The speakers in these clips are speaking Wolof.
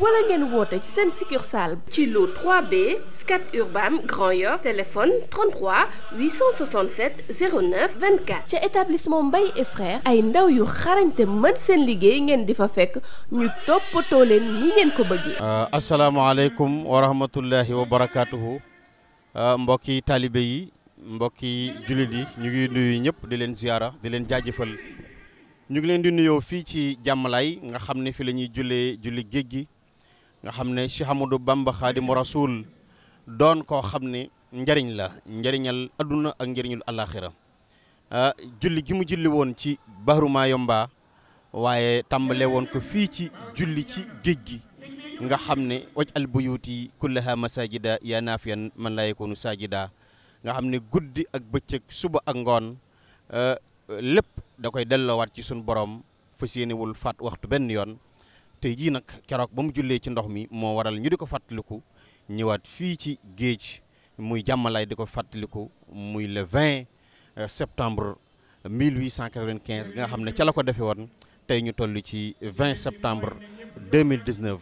wala ngeen woote ci seen succursale ci lu 3B Scat Urbam Grand Yoff téléphone ca établissement Mbaye et ay ndaw yu xarañte mën seen liggéey ngeen di fa fekk ñu toppatoo leen ni ngeen ko bëggee euh, asalaamaaleykum wa rahmatullahi wa barakaatuhu euh, mbokki taalibe yi mbokki jullit yi ñu ngi nuyu ñëpp di leen ziyaara di leen jaajëfal ñu ngi leen di nuyoo fii ci jàmmalaay nga xam ni fi lañuy ñuy jullee géej gi nga xam ne Cheikh Amadou Bamba Rasuul doon koo xam ne njariñ la njariñal adduna ak njariñul alaxira ah, julli gi mu julli woon ci Bahru Mayomba waaye tàmbale woon ko fii ci julli ci géej gi nga xam ne waj al buyuti kullaha masajida yaa naafiyan man laa yakoonu sajida nga xam ne guddi ak bëccëg suba ak ngoon ah, lépp da koy delloowaat ci suñu borom fas yéenewul faat waxtu benn yoon tey jii nag keroog ba mu jullee ci ndox mi moo waral ñu di ko fàttaliku ñëwaat fii ci géej muy jàmmalaay di ko fàttaliku muy le 20 euh, septembre 1895 nga xam ne ca la ko defee woon tey ñu toll ci 20 septembre 2019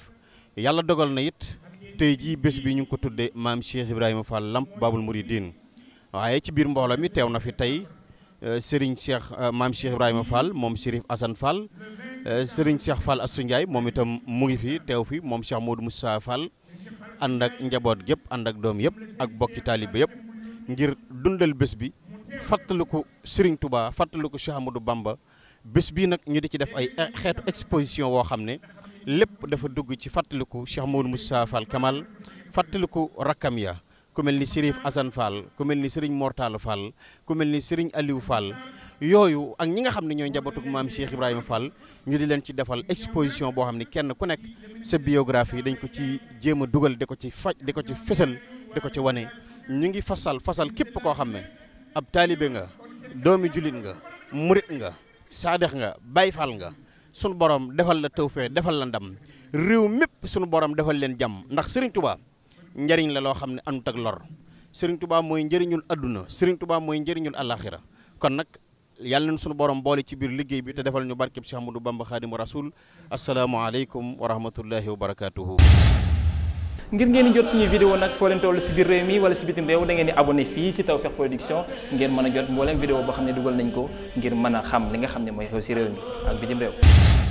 yàlla dogal na it tey jii bés bi ñu ko tuddee maam Cheikh Ibrahima Fall Lamp Babul Mouridine waaye ci biir mbooloo mi teew na fi tey euh, Serigne Cheikh euh, maam Cheikh Ibrahima Fall moom Chérif Assane Fall Euh, Serigne Cheikh Fall Assou Ndiaye moom itam mu ngi fi teew fi moom Cheikh Modou Moussa Fall ànd ak njaboot gépp ànd ak doom yëpp ak bokki taalibe yëpp ngir dundal bés bi fàttaliku Serigne Touba fàttaliku Cheikh Amadou Bamba bés bii nag ñu di ci def ay xeetu exposition woo xam ne lépp dafa dugg ci fàttaliku Cheikh Modou Moussa Fall Kamal fàttaliku rakkam ya ku mel ni Serif Assane Fall ku mel ni Serigne Mortal Fall ku mel ni Serigne Aliou Fall. yooyu ak ñi nga xam ne ñooy njabootu maam Cheikh Ibrahima Fall ñu di leen ci defal exposition boo xam ne kenn ku nekk sa biographie dañ ko ci jéem a dugal di ko ci faj di ko ci fësal di ko ci wane ñu ngi fasal fasal képp koo xam ne ab taalibe nga doomi julit nga murit nga saadex nga Baay Faal nga sunu borom defal la tawfeex defal la ndam réew mépp sunu borom defal leen jàmm ndax Serigne Touba njariñ la loo xam ne anut ak lor Serigne Touba mooy njëriñul adduna Serigne Touba mooy njëriñul alaxira yàlla na suñu borom boole ci biir liggéey bi te defal ñu barkeb Cheikh Ahmadou Bamba Xaadimu Rasul asalaamaaleykum wa rahmatullahi wa barakaatuhu. ngir ngeen di jot suñuy vidéo nag foo leen toll si biir réew mi wala si bitim réew da ngeen di abonné fii si Tawfekh Production ngeen mën a jot mbooleem vidéo boo xam ne dugal nañ ko ngir mën xam li nga xam ne mooy xew si réew mi ak bitim réew.